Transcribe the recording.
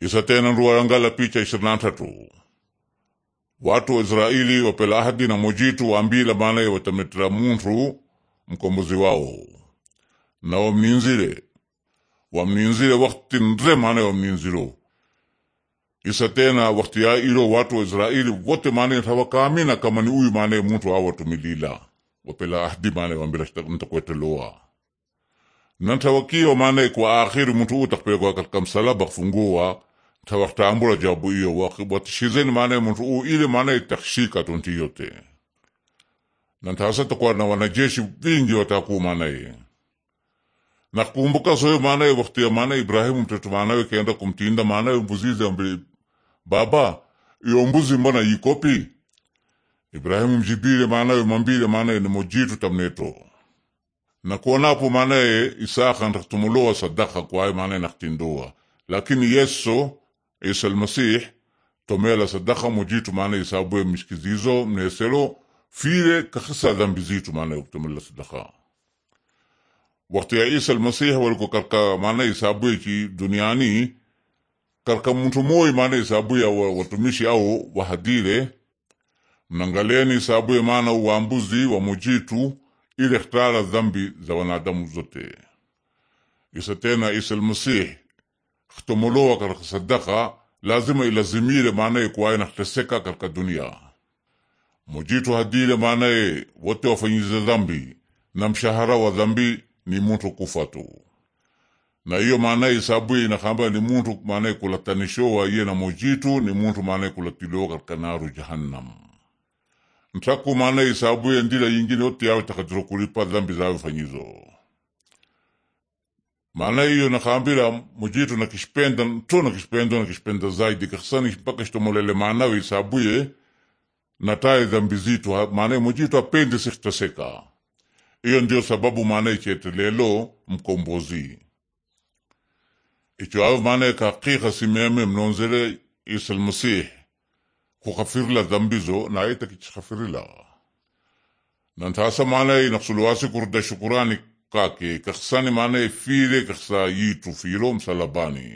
isa tena isatenanduwayangala picha ishirini na tatu watu wa Israeli wapela ahadi na mojitu waambila maana ya watametera muntu mkombozi wao na wamninzile wamninzile wakti ndre maana ya wamninzilo isa tena wakti ya ilo watu wa Israeli wote maana ya tawakamina kama ni uyu maana ya muntu awatumilila wapela ahadi maana ya wambila ntakueteloa nantawakiwa maana ya kwa akhiri muntu utakpelekwa katika msalaba kufunguwa tavaktambura jabu iyo watishizeni maana muntu u ile maana itakshika tunti yote nantasa takuwa na wanajeshi vingi wataku maanaye nakumbuka soe maanaye wakti ya maana Ibrahimu mtoto maanawe kenda kumtinda maanaye mbuzizi ambili baba iyo mbuzi mbona yikopi Ibrahimu mjibile maanawe mambile maanaye ni mojitu tamneto nakuonapo maanaye Isaka ntakutumulowa sadaka kwaye maanaye nakutindowa lakini Yesu isa almasih tomela sadaka mujitu maana isabuye mishki zizo mneselo fire kakisa dhambi zitu maana kutomela sadaka wakati ya isa almasih waliko karka maana isabuye ki duniani karka mtu moyi maana ya watumishi au wahadire mnangaleni isabuye maana uambuzi wa mujitu ili khtara dhambi za wanadamu zote isa tena isa almasih kutomoloa katika sadaka lazima ilazimile maanaye kuwaye nakuteseka katika dunia mujitu hadile maanaye wote wafanyize dhambi na mshahara wa dhambi ni muntu kufa tu na hiyo maanaye isabue inakamba ni muntu maanaye kulatanishowa iye na mujitu ni muntu maanaye kulatiliwa katika naru jahannam ntaku maanaye isabue ndila yingine yote yawe takadiro kulipa dhambi zawe fanyizo maana hiyo nakambira mujitu na tu na to na nakishipenda zaidi kasani mpaka shitomolele maanawe isabuye nataye dhambi zitu maana mujitu apende sikitaseka hiyo ndio sababu maana ichete lelo mkombozi icho ao maana kakika simeme mnonzere isa almasih kukafirila dhambizo zo naye takichkhafirila nantasa maana inaqsuluwasi kurda shukurani kake kakasane maana efile kakasa yitu filo msalabani